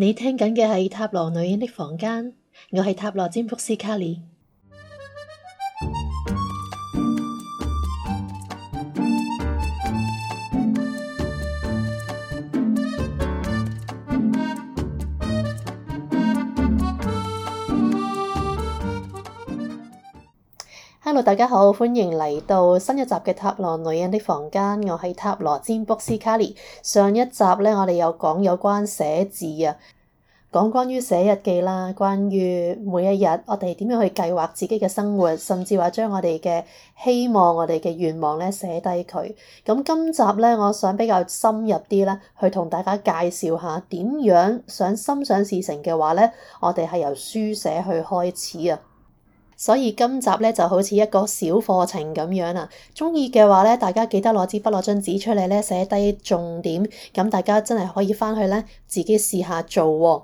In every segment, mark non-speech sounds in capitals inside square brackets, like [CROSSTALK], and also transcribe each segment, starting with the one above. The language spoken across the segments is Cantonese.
你聽緊嘅係《塔羅女人的房間》，我係塔羅占卜師卡莉。hello，大家好，歡迎嚟到新一集嘅塔羅女人的房間，我係塔羅占卜師卡 a 上一集咧，我哋有講有關寫字啊，講，講關於寫日記啦，關於每一日我哋點樣去計劃自己嘅生活，甚至話將我哋嘅希望、我哋嘅願望咧寫低佢。咁今集咧，我想比較深入啲咧，去同大家介紹下點樣想心想事成嘅話咧，我哋係由書寫去開始啊。所以今集咧就好似一個小課程咁樣啦。鍾意嘅話咧，大家記得攞支筆攞張紙出嚟咧，寫低重點。咁大家真係可以返去咧自己試下做喎、哦。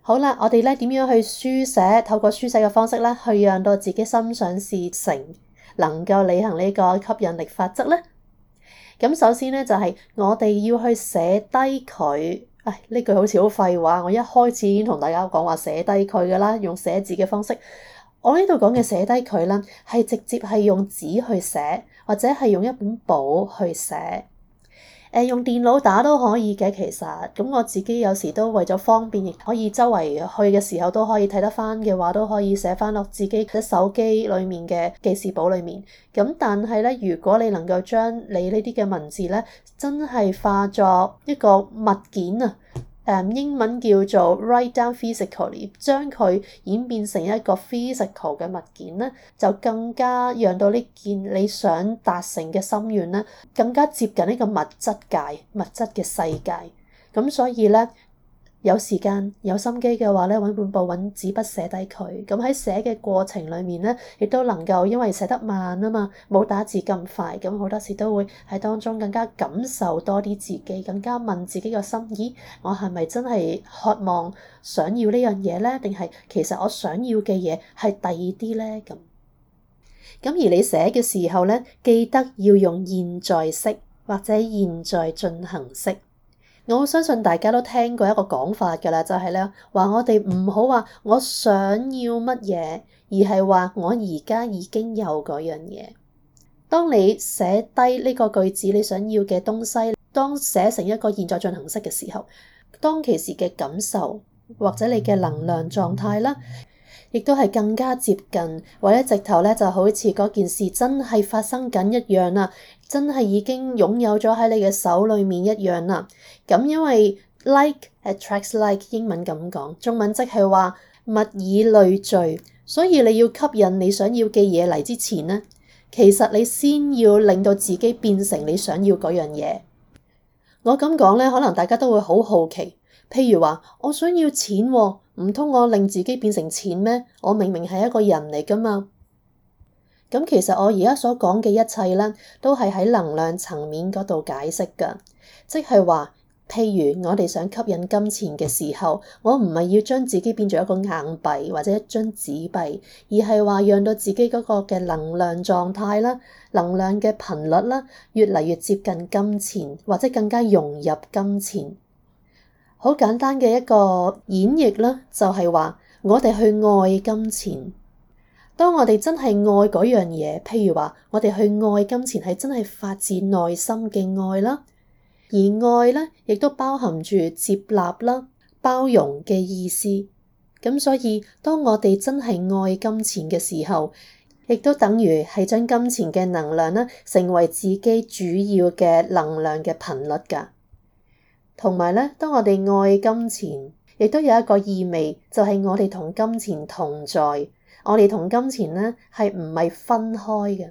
好啦，我哋咧點樣去書寫？透過書寫嘅方式咧，去讓到自己心想事成，能夠履行呢個吸引力法則咧。咁首先咧就係、是、我哋要去寫低佢。唉，呢句好似好廢話。我一開始已經同大家講話寫低佢㗎啦，用寫字嘅方式。我呢度講嘅寫低佢啦，係直接係用紙去寫，或者係用一本簿去寫。誒、呃，用電腦打都可以嘅其實。咁我自己有時都為咗方便，亦可以周圍去嘅時候都可以睇得翻嘅話，都可以寫翻落自己嘅手機裡面嘅記事簿裡面。咁但係咧，如果你能夠將你呢啲嘅文字咧，真係化作一個物件。啊。英文叫做 write down physically，將佢演變成一個 physical 嘅物件咧，就更加讓到呢件你想達成嘅心願咧，更加接近呢個物質界、物質嘅世界咁，所以咧，有時間有心機嘅話咧，揾本簿揾紙筆寫低佢。咁喺寫嘅過程裡面呢，亦都能夠因為寫得慢啊嘛，冇打字咁快，咁好多時都會喺當中更加感受多啲自己，更加問自己嘅心意，「我係咪真係渴望想要呢樣嘢呢？定係其實我想要嘅嘢係第二啲呢？」咁咁而你寫嘅時候呢，記得要用現在式或者現在進行式。我相信大家都聽過一個講法，嘅啦，就係咧話，我哋唔好話我想要乜嘢，而係話我而家已經有嗰樣嘢。當你寫低呢個句子，你想要嘅東西，當寫成一個現在進行式嘅時候，當其時嘅感受或者你嘅能量狀態啦，亦都係更加接近，或者直頭咧就好似嗰件事真係發生緊一樣啊！真係已經擁有咗喺你嘅手裏面一樣啦。咁因為 like attracts like，英文咁講，中文即係話物以類聚。所以你要吸引你想要嘅嘢嚟之前咧，其實你先要令到自己變成你想要嗰樣嘢。我咁講咧，可能大家都會好好奇。譬如話，我想要錢喎，唔通我令自己變成錢咩？我明明係一個人嚟噶嘛。咁其實我而家所講嘅一切咧，都係喺能量層面嗰度解釋㗎，即係話，譬如我哋想吸引金錢嘅時候，我唔係要將自己變做一個硬幣或者一張紙幣，而係話讓到自己嗰個嘅能量狀態啦、能量嘅頻率啦，越嚟越接近金錢或者更加融入金錢。好簡單嘅一個演繹啦，就係話我哋去愛金錢。當我哋真係愛嗰樣嘢，譬如話我哋去愛金錢，係真係發自內心嘅愛啦。而愛咧，亦都包含住接納啦、包容嘅意思。咁所以，當我哋真係愛金錢嘅時候，亦都等於係將金錢嘅能量咧，成為自己主要嘅能量嘅頻率噶。同埋咧，當我哋愛金錢，亦都有一個意味，就係我哋同金錢同在。我哋同金錢呢，係唔係分開嘅？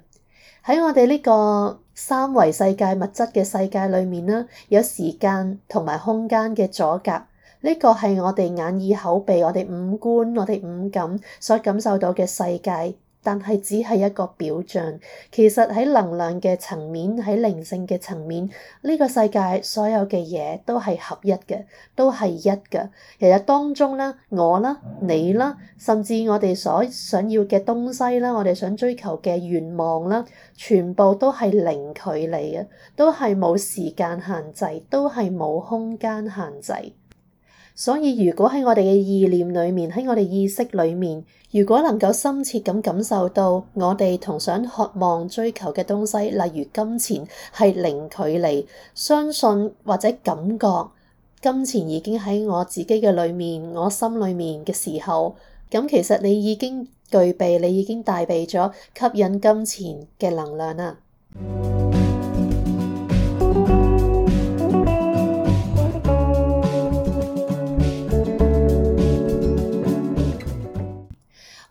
喺我哋呢個三維世界，物質嘅世界裏面呢，有時間同埋空間嘅阻隔，呢個係我哋眼耳口鼻、我哋五官、我哋五感所感受到嘅世界。但係只係一個表象，其實喺能量嘅層面，喺靈性嘅層面，呢個世界所有嘅嘢都係合一嘅，都係一嘅。其實當中咧，我啦，你啦，甚至我哋所想要嘅東西啦，我哋想追求嘅願望啦，全部都係零距離嘅，都係冇時間限制，都係冇空間限制。所以如果喺我哋嘅意念裏面，喺我哋意識裏面，如果能夠深切咁感受到我哋同想渴望追求嘅東西，例如金錢係零距離，相信或者感覺金錢已經喺我自己嘅裏面，我心裏面嘅時候，咁其實你已經具備，你已經帶備咗吸引金錢嘅能量啦。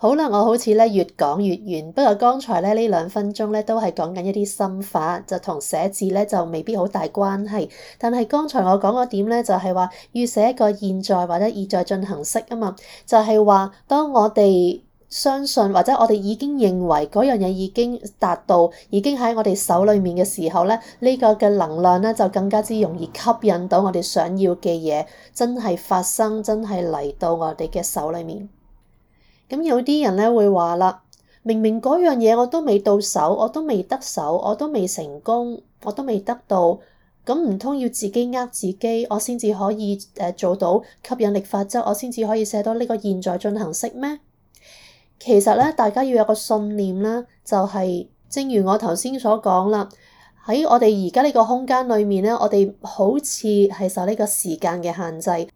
好啦，我好似咧越講越遠。不過剛才咧呢兩分鐘咧都係講緊一啲心法，就同寫字咧就未必好大關係。但係剛才我講嗰點咧就係話，要寫一個現在或者現在進行式啊嘛。就係、是、話，當我哋相信或者我哋已經認為嗰樣嘢已經達到，已經喺我哋手裡面嘅時候咧，呢、這個嘅能量咧就更加之容易吸引到我哋想要嘅嘢，真係發生，真係嚟到我哋嘅手裡面。咁有啲人咧會話啦，明明嗰樣嘢我都未到手，我都未得手，我都未成功，我都未得到，咁唔通要自己呃自己，我先至可以誒做到吸引力法則，我先至可以寫到呢個現在進行式咩？其實咧，大家要有個信念啦，就係正如我頭先所講啦，喺我哋而家呢個空間裡面咧，我哋好似係受呢個時間嘅限制。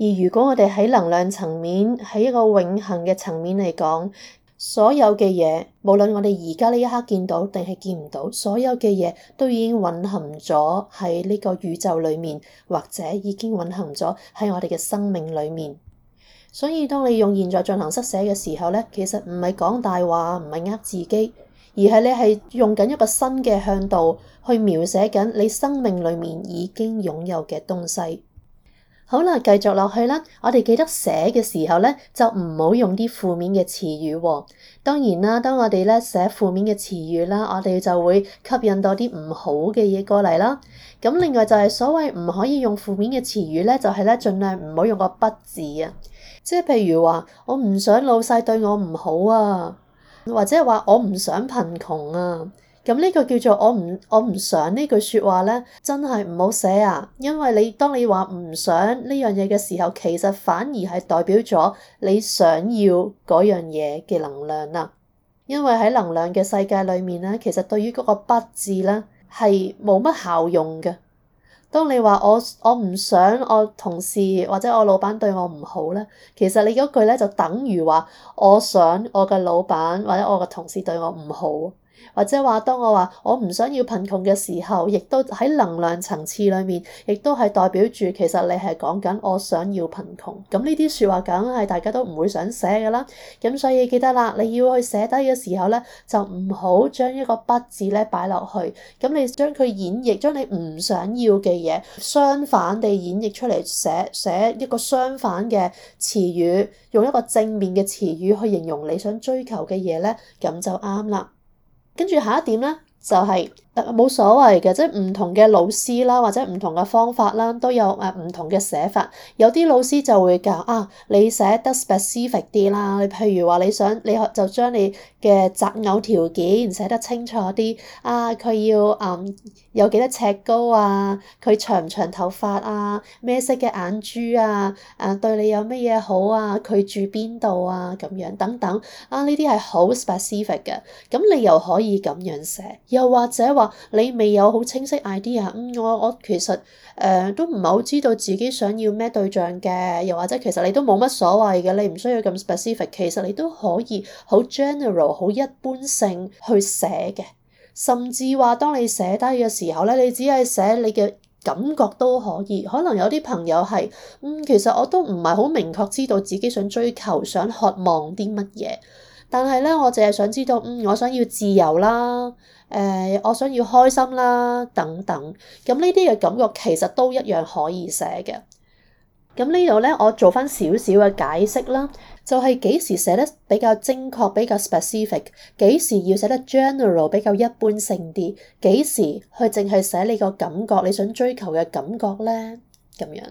而如果我哋喺能量層面，喺一個永恆嘅層面嚟講，所有嘅嘢，無論我哋而家呢一刻見到定係見唔到，所有嘅嘢都已經蘊含咗喺呢個宇宙裏面，或者已經蘊含咗喺我哋嘅生命裏面。所以，當你用現在進行式寫嘅時候咧，其實唔係講大話，唔係呃自己，而係你係用緊一個新嘅向度去描寫緊你生命裏面已經擁有嘅東西。好啦，繼續落去啦。我哋記得寫嘅時候咧，就唔好用啲負面嘅詞語喎。當然啦，當我哋咧寫負面嘅詞語啦，我哋就會吸引到啲唔好嘅嘢過嚟啦。咁另外就係、是、所謂唔可以用負面嘅詞語咧，就係、是、咧盡量唔好用個不字啊。即係譬如話我唔想老細對我唔好啊，或者話我唔想貧窮啊。咁呢個叫做我唔我唔想呢句説話咧，真係唔好寫啊！因為你當你話唔想呢樣嘢嘅時候，其實反而係代表咗你想要嗰樣嘢嘅能量啦。因為喺能量嘅世界裡面咧，其實對於嗰個不字咧係冇乜效用嘅。當你話我我唔想我同事或者我老闆對我唔好咧，其實你嗰句咧就等於話我想我嘅老闆或者我嘅同事對我唔好。或者話，當我話我唔想要貧窮嘅時候，亦都喺能量層次裏面，亦都係代表住其實你係講緊我想要貧窮。咁呢啲説話梗係大家都唔會想寫㗎啦。咁所以記得啦，你要去寫低嘅時候咧，就唔好將一個不字咧擺落去。咁你將佢演繹，將你唔想要嘅嘢，相反地演繹出嚟寫，寫一個相反嘅詞語，用一個正面嘅詞語去形容你想追求嘅嘢咧，咁就啱啦。跟住下一點咧。就係、是、冇所謂嘅，即係唔同嘅老師啦，或者唔同嘅方法啦，都有誒唔同嘅寫法。有啲老師就會教啊，你寫得 specific 啲啦。你譬如話你想，你就將你嘅擇偶條件寫得清楚啲。啊，佢要誒、嗯、有幾多尺高啊？佢長唔長頭髮啊？咩色嘅眼珠啊？誒、啊、對你有咩嘢好啊？佢住邊度啊？咁樣等等啊，呢啲係好 specific 嘅。咁你又可以咁樣寫。又或者話你未有好清晰 idea，嗯，我我其實誒、呃、都唔係好知道自己想要咩對象嘅。又或者其實你都冇乜所謂嘅，你唔需要咁 specific。其實你都可以好 general、好一般性去寫嘅。甚至話當你寫低嘅時候咧，你只係寫你嘅感覺都可以。可能有啲朋友係嗯，其實我都唔係好明確知道自己想追求、想渴望啲乜嘢。但係咧，我淨係想知道，嗯，我想要自由啦，誒、呃，我想要開心啦，等等。咁呢啲嘅感覺其實都一樣可以寫嘅。咁呢度咧，我做翻少少嘅解釋啦，就係、是、幾時寫得比較精確，比較 specific；幾時要寫得 general，比較一般性啲；幾時去淨係寫你個感覺，你想追求嘅感覺咧，咁樣。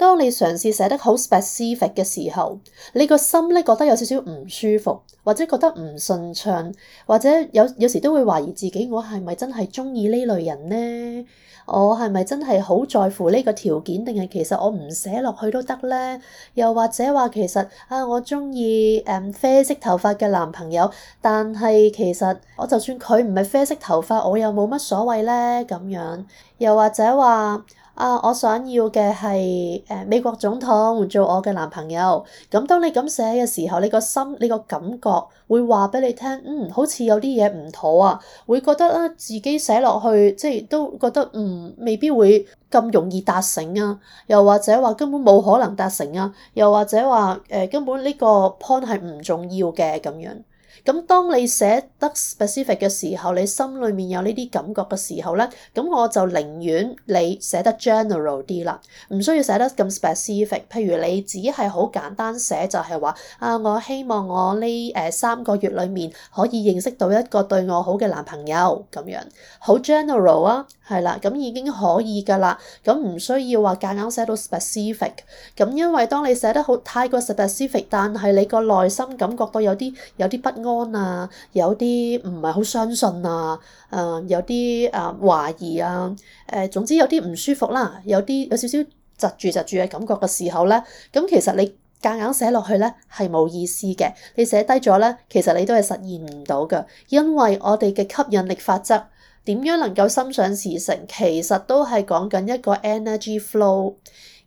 當你嘗試寫得好 specific 嘅時候，你個心咧覺得有少少唔舒服，或者覺得唔順暢，或者有有時都會懷疑自己，我係咪真係中意呢類人呢？我係咪真係好在乎呢個條件，定係其實我唔寫落去都得呢？」又或者話其實啊，我中意啡色頭髮嘅男朋友，但係其實我就算佢唔係啡色頭髮，我又冇乜所謂呢。」咁樣。又或者話。啊！我想要嘅係誒美國總統做我嘅男朋友。咁當你咁寫嘅時候，你個心你個感覺會話俾你聽，嗯，好似有啲嘢唔妥啊，會覺得啦自己寫落去即係都覺得嗯未必會咁容易達成啊，又或者話根本冇可能達成啊，又或者話誒、呃、根本呢個 point 係唔重要嘅咁樣。咁當你寫得 specific 嘅時候，你心裏面有呢啲感覺嘅時候咧，咁我就寧願你寫得 general 啲啦，唔需要寫得咁 specific。譬如你只係好簡單寫，就係話啊，我希望我呢誒三個月裏面可以認識到一個對我好嘅男朋友咁樣，好 general 啊。係啦，咁已經可以㗎啦，咁唔需要話夾硬寫到 specific。咁因為當你寫得好太過 specific，但係你個內心感覺到有啲有啲不安啊，有啲唔係好相信啊，誒、呃、有啲誒、呃、懷疑啊，誒、呃、總之有啲唔舒服啦，有啲有少少窒住窒住嘅感覺嘅時候咧，咁其實你夾硬硬寫落去咧係冇意思嘅，你寫低咗咧，其實你都係實現唔到嘅，因為我哋嘅吸引力法則。點樣能夠心想事成？其實都係講緊一個 energy flow。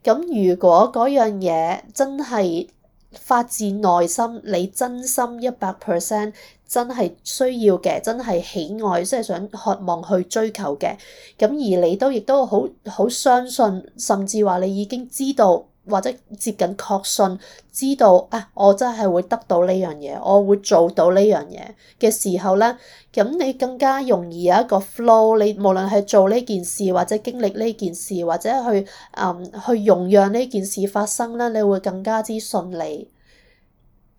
咁如果嗰樣嘢真係發自內心，你真心一百 percent 真係需要嘅，真係喜愛，即係想渴望去追求嘅，咁而你都亦都好好相信，甚至話你已經知道。或者接近確信，知道啊，我真係會得到呢樣嘢，我會做到呢樣嘢嘅時候咧，咁你更加容易有一個 flow。你無論係做呢件事，或者經歷呢件事，或者去、嗯、去容讓呢件事發生咧，你會更加之順利。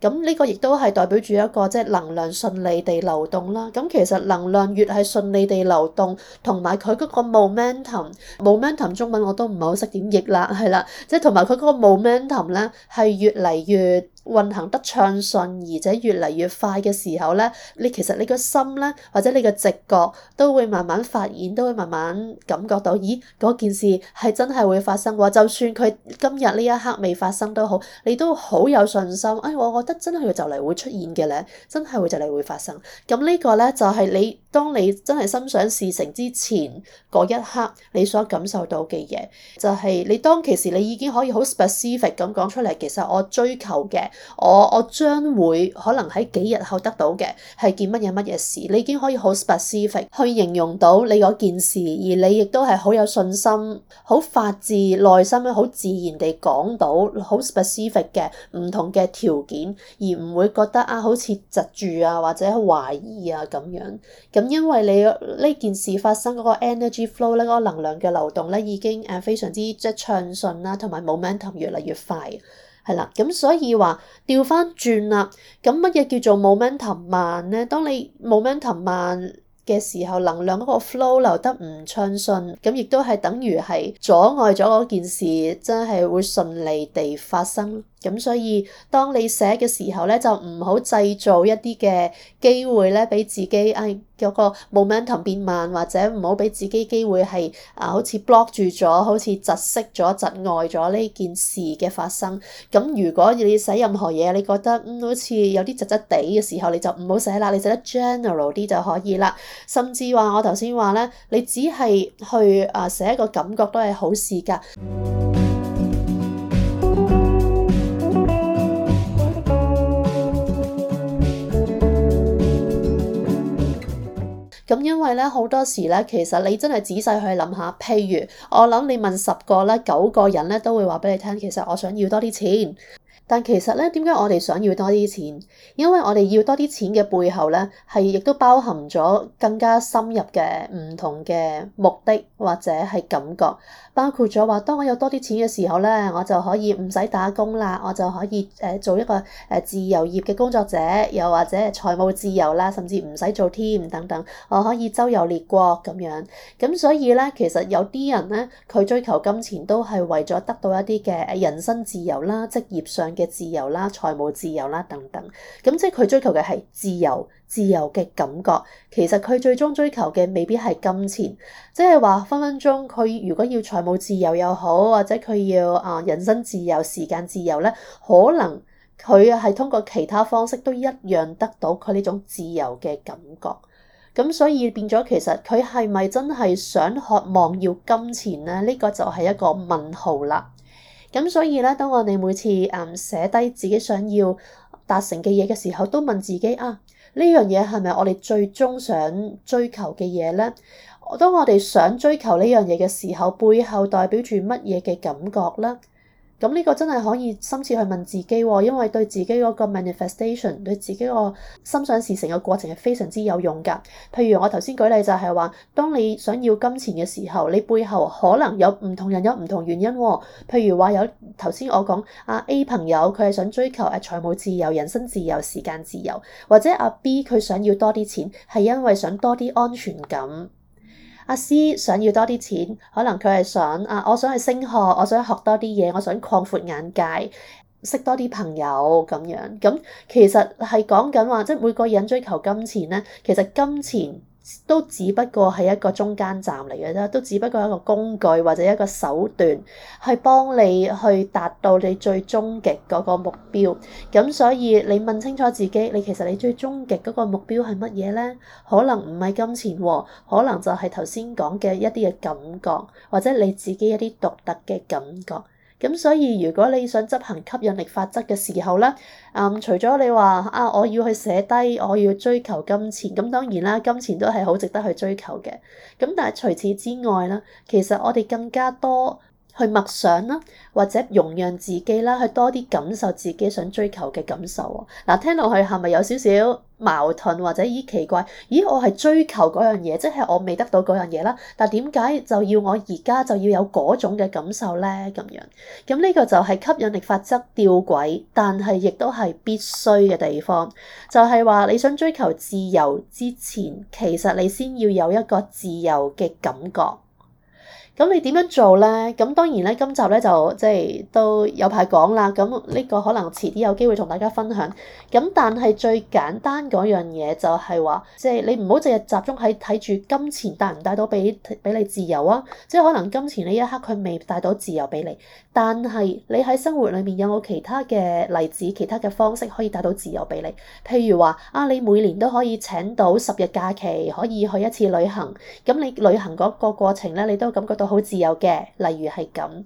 咁呢個亦都係代表住一個即係能量順利地流動啦。咁其實能量越係順利地流動，同埋佢嗰個 momentum，momentum 中文我都唔係好識點譯啦，係啦，即係同埋佢嗰個 momentum 咧係越嚟越。運行得暢順，而且越嚟越快嘅時候咧，你其實你個心咧，或者你個直覺都會慢慢發現，都會慢慢感覺到，咦，嗰件事係真係會發生嘅喎。就算佢今日呢一刻未發生都好，你都好有信心。哎，我覺得真係佢就嚟會出現嘅咧，真係會就嚟會發生。咁呢個咧就係你當你真係心想事成之前嗰一刻，你所感受到嘅嘢，就係你當其時你已經可以好 specific 咁講出嚟，其實我追求嘅。我我將會可能喺幾日後得到嘅係件乜嘢乜嘢事，你已經可以好 specific 去形容到你嗰件事，而你亦都係好有信心、好發自內心好自然地講到好 specific 嘅唔同嘅條件，而唔會覺得啊好似窒住啊，或者懷疑啊咁樣。咁因為你呢件事發生嗰個 energy flow 咧，嗰個能量嘅流動咧已經誒非常之即係暢順啦，同埋 momentum 越嚟越快。係啦，咁所以話調翻轉啦，咁乜嘢叫做 momentum 慢咧？當你 momentum 慢嘅時候，能量嗰個 flow 流得唔暢順，咁亦都係等於係阻礙咗嗰件事真係會順利地發生。咁所以當你寫嘅時候咧，就唔好製造一啲嘅機會咧，俾自己哎，嗰個 momentum 變慢，或者唔好俾自己機會係啊，好似 block 住咗，好似窒息咗，窒礙咗呢件事嘅發生。咁如果你寫任何嘢，你覺得嗯好似有啲窒窒地嘅時候，你就唔好寫啦，你寫得 general 啲就可以啦。甚至話我頭先話咧，你只係去啊寫一個感覺都係好事㗎。咁因為呢，好多時呢，其實你真係仔細去諗下，譬如我諗你問十個呢，九個人呢，都會話俾你聽，其實我想要多啲錢。但其實咧，點解我哋想要多啲錢？因為我哋要多啲錢嘅背後咧，係亦都包含咗更加深入嘅唔同嘅目的或者係感覺，包括咗話，當我有多啲錢嘅時候咧，我就可以唔使打工啦，我就可以誒做一個誒自由業嘅工作者，又或者財務自由啦，甚至唔使做添等等，我可以周遊列國咁樣。咁所以咧，其實有啲人咧，佢追求金錢都係為咗得到一啲嘅人身自由啦，職業上。嘅自由啦，財務自由啦等等，咁即係佢追求嘅係自由，自由嘅感覺。其實佢最終追求嘅未必係金錢，即係話分分鐘佢如果要財務自由又好，或者佢要啊人生自由、時間自由咧，可能佢係通過其他方式都一樣得到佢呢種自由嘅感覺。咁所以變咗，其實佢係咪真係想渴望要金錢咧？呢個就係一個問號啦。咁所以咧，當我哋每次嗯寫低自己想要達成嘅嘢嘅時候，都問自己啊，呢樣嘢係咪我哋最終想追求嘅嘢咧？當我哋想追求呢樣嘢嘅時候，背後代表住乜嘢嘅感覺咧？咁呢個真係可以深切去問自己喎、哦，因為對自己嗰個 manifestation，對自己個心想事成嘅過程係非常之有用㗎。譬如我頭先舉例就係話，當你想要金錢嘅時候，你背後可能有唔同人有唔同原因、哦。譬如話有頭先我講啊 A 朋友佢係想追求誒財務自由、人身自由、時間自由，或者阿 B 佢想要多啲錢係因為想多啲安全感。阿詩想要多啲錢，可能佢係想啊，我想去升學，我想學多啲嘢，我想擴闊眼界，識多啲朋友咁樣。咁其實係講緊話，即係每個人追求金錢咧，其實金錢。都只不過係一個中間站嚟嘅啫，都只不過係一個工具或者一個手段，去幫你去達到你最終極嗰個目標。咁所以你問清楚自己，你其實你最終極嗰個目標係乜嘢咧？可能唔係金錢喎，可能就係頭先講嘅一啲嘅感覺，或者你自己一啲獨特嘅感覺。咁所以如果你想執行吸引力法則嘅時候咧，嗯，除咗你話啊，我要去寫低，我要追求金錢，咁當然啦，金錢都係好值得去追求嘅。咁但係除此之外咧，其實我哋更加多，去默想啦，或者容讓自己啦，去多啲感受自己想追求嘅感受啊！嗱，聽落去係咪有少少矛盾或者咦奇怪？咦，我係追求嗰樣嘢，即係我未得到嗰樣嘢啦，但係點解就要我而家就要有嗰種嘅感受咧？咁樣，咁呢個就係吸引力法則吊詭，但係亦都係必須嘅地方，就係話你想追求自由之前，其實你先要有一個自由嘅感覺。咁你點樣做咧？咁當然咧，今集咧就即係都有排講啦。咁呢個可能遲啲有機會同大家分享。咁但係最簡單嗰樣嘢就係話，即係你唔好淨係集中喺睇住金錢帶唔帶到俾俾你自由啊。即係可能金錢呢一刻佢未帶到自由俾你，但係你喺生活裡面有冇其他嘅例子、其他嘅方式可以帶到自由俾你？譬如話，啊，你每年都可以請到十日假期，可以去一次旅行。咁你旅行嗰個過程咧，你都感覺到。好自由嘅，例如係咁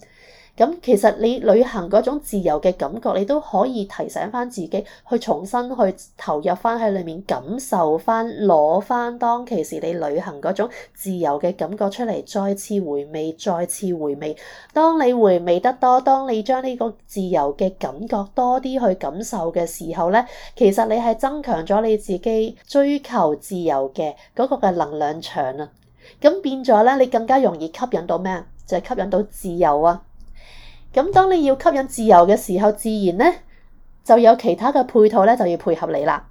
咁，其實你旅行嗰種自由嘅感覺，你都可以提醒翻自己去重新去投入翻喺裏面，感受翻，攞翻當其時你旅行嗰種自由嘅感覺出嚟，再次回味，再次回味。當你回味得多，當你將呢個自由嘅感覺多啲去感受嘅時候咧，其實你係增強咗你自己追求自由嘅嗰個嘅能量場啊！咁變咗咧，你更加容易吸引到咩？就係吸引到自由啊！咁當你要吸引自由嘅時候，自然咧就有其他嘅配套咧，就要配合你啦。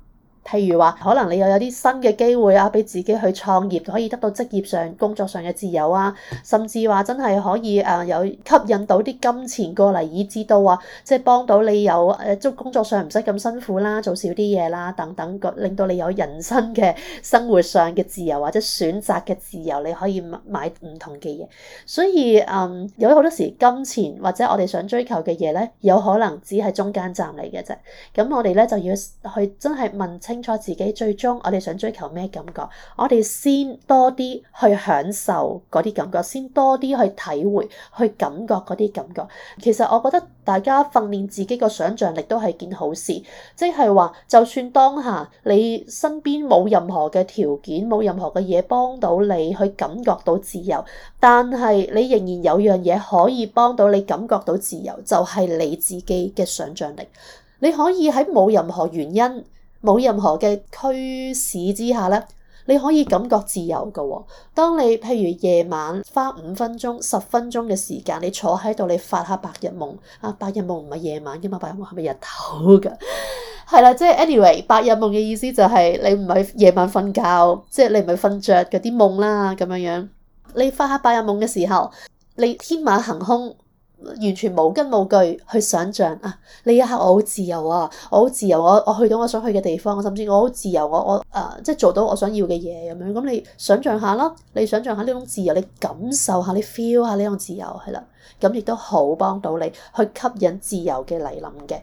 譬如話，可能你又有啲新嘅機會啊，俾自己去創業，可以得到職業上、工作上嘅自由啊，甚至話真係可以誒、呃、有吸引到啲金錢過嚟，以至到啊，即係幫到你有誒做、呃、工作上唔使咁辛苦啦，做少啲嘢啦，等等，令到你有人生嘅生活上嘅自由或者選擇嘅自由，你可以買唔同嘅嘢。所以嗯、呃，有好多時金錢或者我哋想追求嘅嘢咧，有可能只係中間站嚟嘅啫。咁我哋咧就要去真係問清。清楚自己最終我哋想追求咩感覺，我哋先多啲去享受嗰啲感覺，先多啲去體會去感覺嗰啲感覺。其實我覺得大家訓練自己個想象力都係件好事，即係話就算當下你身邊冇任何嘅條件，冇任何嘅嘢幫到你去感覺到自由，但係你仍然有樣嘢可以幫到你感覺到自由，就係你自己嘅想象力。你可以喺冇任何原因，冇任何嘅驅使之下咧，你可以感覺自由㗎喎。當你譬如夜晚花五分鐘、十分鐘嘅時間，你坐喺度，你發下白日夢。啊，白日夢唔係夜晚嘅嘛，白日夢係咪日頭㗎？係 [LAUGHS] 啦，即係 anyway，白日夢嘅意思就係你唔係夜晚瞓覺，即係你唔係瞓着嗰啲夢啦咁樣樣。你發下白日夢嘅時候，你天馬行空。完全無根無據去想象啊！呢一刻我好自由啊！我好自由，我我去到我想去嘅地方，甚至我好自由，我我誒、啊、即係做到我想要嘅嘢咁樣。咁你想象下啦，你想象下呢種自由，你感受下，你 feel 下呢種自由係啦，咁亦、嗯、都好幫到你去吸引自由嘅嚟臨嘅。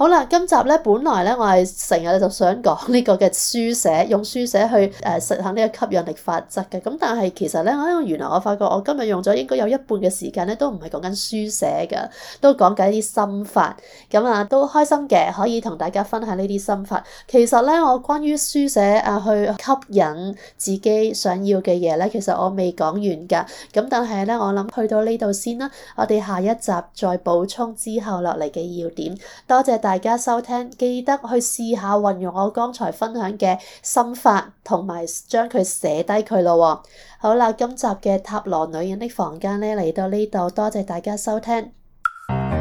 好啦，今集咧本來咧我係成日就想講呢個嘅書寫，用書寫去誒實行呢個吸引力法則嘅。咁但係其實咧，我原來我發覺我今日用咗應該有一半嘅時間咧，都唔係講緊書寫噶，都講緊啲心法。咁啊都開心嘅，可以同大家分享呢啲心法。其實咧我關於書寫啊去吸引自己想要嘅嘢咧，其實我未講完噶。咁但係咧我諗去到呢度先啦，我哋下一集再補充之後落嚟嘅要點。多謝大家。大家收聽，記得去試下運用我剛才分享嘅心法，同埋將佢寫低佢咯。好啦，今集嘅塔羅女人的房間呢，嚟到呢度，多謝大家收聽。 [NOISE]